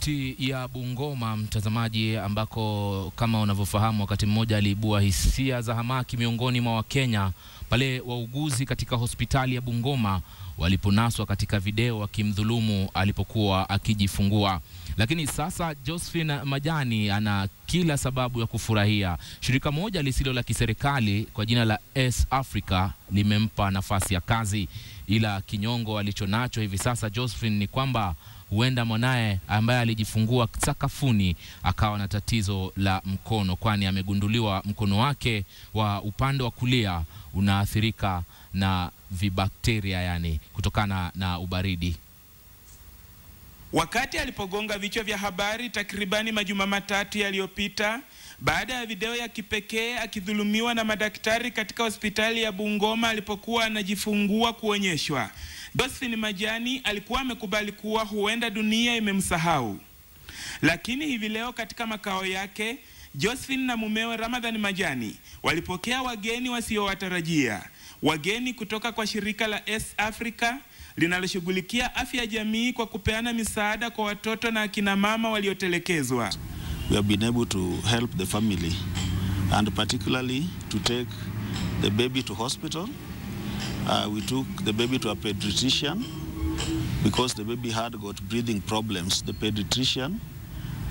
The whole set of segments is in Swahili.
kaunti ya Bungoma, mtazamaji, ambako kama unavyofahamu, wakati mmoja aliibua hisia za hamaki miongoni mwa Wakenya pale wauguzi katika hospitali ya Bungoma waliponaswa katika video wakimdhulumu alipokuwa akijifungua. Lakini sasa Josephine Majani ana kila sababu ya kufurahia. Shirika moja lisilo la kiserikali kwa jina la S Africa limempa nafasi ya kazi, ila kinyongo alichonacho hivi sasa Josephine ni kwamba huenda mwanaye ambaye alijifungua sakafuni akawa na tatizo la mkono, kwani amegunduliwa mkono wake wa upande wa kulia unaathirika na vibakteria, yani kutokana na ubaridi. Wakati alipogonga vichwa vya habari takribani majuma matatu yaliyopita baada ya video ya kipekee akidhulumiwa na madaktari katika hospitali ya Bungoma alipokuwa anajifungua kuonyeshwa. Josephine Majani alikuwa amekubali kuwa huenda dunia imemsahau, lakini hivi leo katika makao yake Josephine na mumewe ramadhani Majani walipokea wageni wasiowatarajia, wageni kutoka kwa shirika la S Africa linaloshughulikia afya ya jamii kwa kupeana misaada kwa watoto na akina mama waliotelekezwa. we have been able to help the family and particularly to take the baby to hospital. Uh, we took the baby to a pediatrician because the baby had got breathing problems. The pediatrician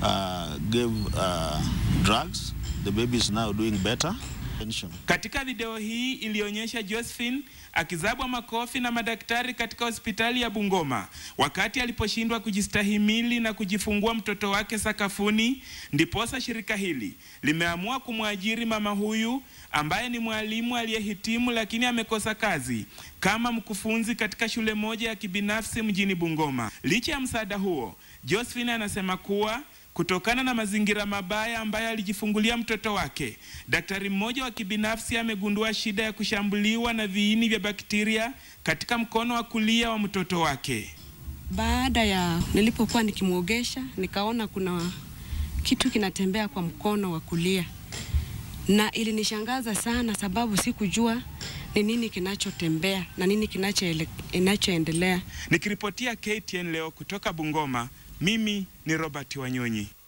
uh, gave uh, drugs. The baby is now doing better. Katika video hii ilionyesha Josephine akizabwa makofi na madaktari katika hospitali ya Bungoma wakati aliposhindwa kujistahimili na kujifungua mtoto wake sakafuni, ndiposa shirika hili limeamua kumwajiri mama huyu ambaye ni mwalimu aliyehitimu lakini amekosa kazi kama mkufunzi katika shule moja ya kibinafsi mjini Bungoma. Licha ya msaada huo, Josephine anasema kuwa Kutokana na mazingira mabaya ambayo alijifungulia mtoto wake, daktari mmoja wa kibinafsi amegundua shida ya kushambuliwa na viini vya bakteria katika mkono wa kulia wa mtoto wake. Baada ya nilipokuwa nikimwogesha, nikaona kuna kitu kinatembea kwa mkono wa kulia, na ilinishangaza sana sababu sikujua ni nini kinachotembea na nini kinachoendelea. Nikiripotia KTN leo kutoka Bungoma, mimi ni Robert Wanyonyi.